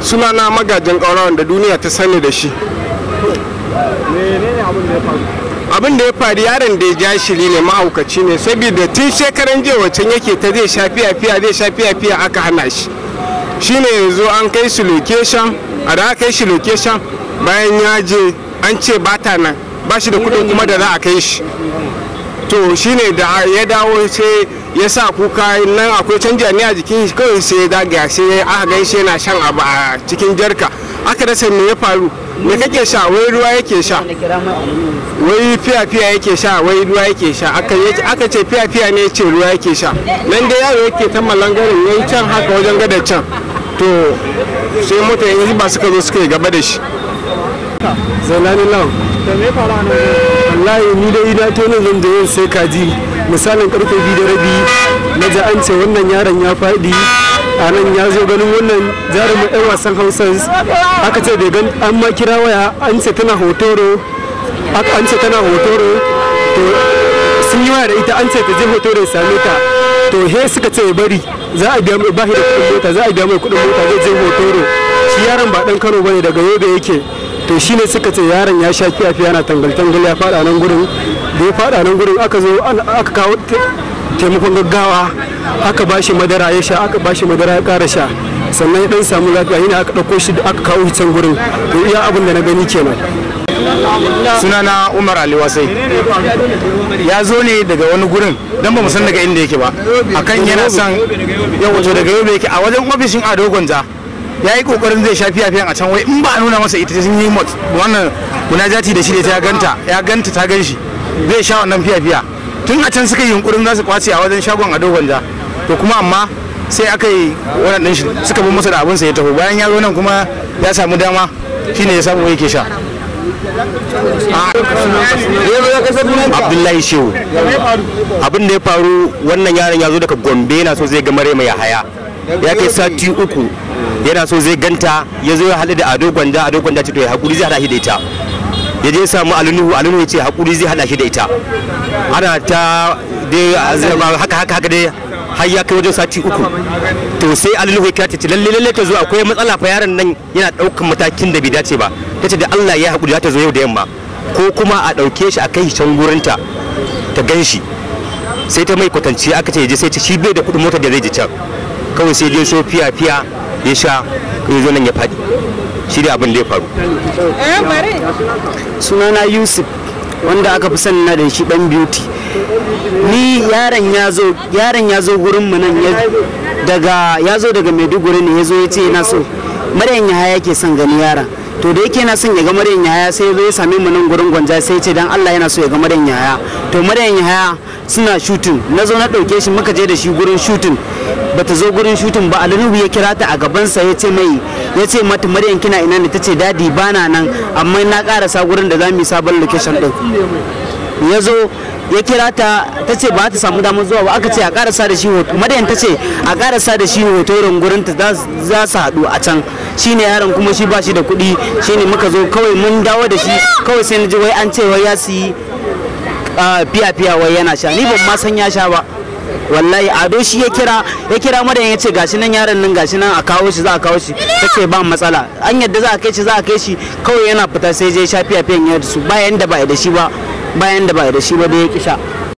Suna na magajin ƙaurawan da duniya ta sani da shi abin da ya faru yaron da ya ja shiri ne mahaukaci ne saboda tun shekaran jiya wacan yake ta zai sha fiya zai sha fiya aka hana shi shine yanzu an kai shi location a da aka kai shi location bayan ya je an ce bata nan ba shi da kudin kuma da za a kai shi to shi ne da ya dawo sai ya sa kuka nan akwai canja ne a jikin shi kawai sai ya zagaya sai aka gan shi yana shan abu a cikin jarka aka rasa me ya faru me kake sha wai ruwa yake sha wai fiya fiya yake sha wai ruwa yake sha aka ce fiya fiya ne ce ruwa yake sha nan dai yaro yake ta malangarin yayi can haka wajen gadar can to sai mutane ba suka zo suka yi gaba da shi sunanka zailani lam da me fara a wallahi ni da ina to ne zan je sai kaji misalin karfe biyu da rabi na ji an ce wannan yaron ya faɗi a nan ya zo ganin wannan jarumin yan wasan hausans aka ce da gan an ma kira waya an ce tana hotoro an ce tana hotoro to sun yi waya da ita an ce ta je hotoro same ta to he suka ce bari za a biya mai bahi da kuɗin mota za a biya mai kuɗin mota zai je hotoro shi yaron ba ɗan kano bane daga yobe yake to shine suka ce yaron ya sha kiyafi yana tangal-tangal ya fada nan gurin da ya fada nan gurin aka zo aka kawo taimakon gaggawa aka ba shi madara ya sha aka ba shi madara ya kara sha sannan ya dan samu lafiya yana aka ɗauko shi da aka kawo shi can gurin to iya abin da na gani kenan sunana umar ali wasai ya zo ne daga wani gurin don ba mu san daga inda yake ba akan yana son yau wato daga yobe yake a wajen ofishin ado gonza ya yi kokarin zai sha fiyafiyan a can wai in ba a nuna masa ita sun yi mot wannan munajati da shi da ta ganta ya ganta ta gan shi zai sha wannan fiyafiya tun a can suka yi yunkurin za su kwace a wajen shagon ado ja to kuma amma sai aka yi wannan shi suka bi masa da sa ya taho bayan ya zo nan kuma ya samu dama shine ya samu yake sha abdullahi shehu abin da ya faru wannan yaron ya zo daga gombe na so zai ga marema ya haya ya kai sati uku yana so zai ganta ya zo ya haɗu da ado gwanda ado gwanda ce to ya haƙuri zai haɗa shi da ita ya je samu alunuhu alunuhu ya ce haƙuri zai haɗa shi da ita ana ta dai haka haka haka dai har ya kai wajen sati uku to sai alunuhu ya kace lalle lalle ta zo akwai matsala fa yaron nan yana ɗaukan matakin da bai dace ba tace da Allah ya haƙuri ta zo yau da yamma ko kuma a ɗauke shi a kai can gurinta ta gan shi sai ta mai kwatance aka ce ya je sai ta shi bai da kuɗin motar da zai je can kawai sai je so fiya fiya ya sha ya zo nan ya faɗi shi da abin da ya faru eh, sunana yusuf wanda aka fi sani na da shi dan beauty ni yaron ya zo yaron ya zo gurin mu nan daga ya zo daga maiduguri ne ya zo ya ce na so maryam yahaya ke son gani yara, to da yake na son ya ga maryam yahaya sai ya zo ya same mu nan gurin gwanja sai ya ce dan Allah yana so ya ga maryam yahaya to maryam yahaya suna shooting na zo na dauke shi muka je da shi gurin shooting bata zo gurin shutun ba alinubu ya kira ta a gabansa ya ce mai ya ce mata maryam kina ina ne tace dadi bana nan amma na karasa gurin da zamu yi sabon location din ya zo ya kira ta ta ce ba ta samu damar zuwa ba aka ce a karasa da shi hoto maryam ta ce a karasa da shi hoto gurin ta za su haɗu a can shine yaron kuma shi ba shi da kuɗi shine muka zo kawai mun dawo da shi kawai sai na ji wai an ce wai ya siyi ah, fiya fiya wai yana sha ni ban ma san ya sha ba wallahi ado shi ya kira ya kira madan ya ce gashi nan yaron nan gashi nan a kawo shi za a kawo shi ta ba matsala an yadda za a kai shi za a kai shi kawai yana fita sai je shafi a fiyan yadda da su bayan da ba da shi ba bayan da ba da shi ba da ya kisha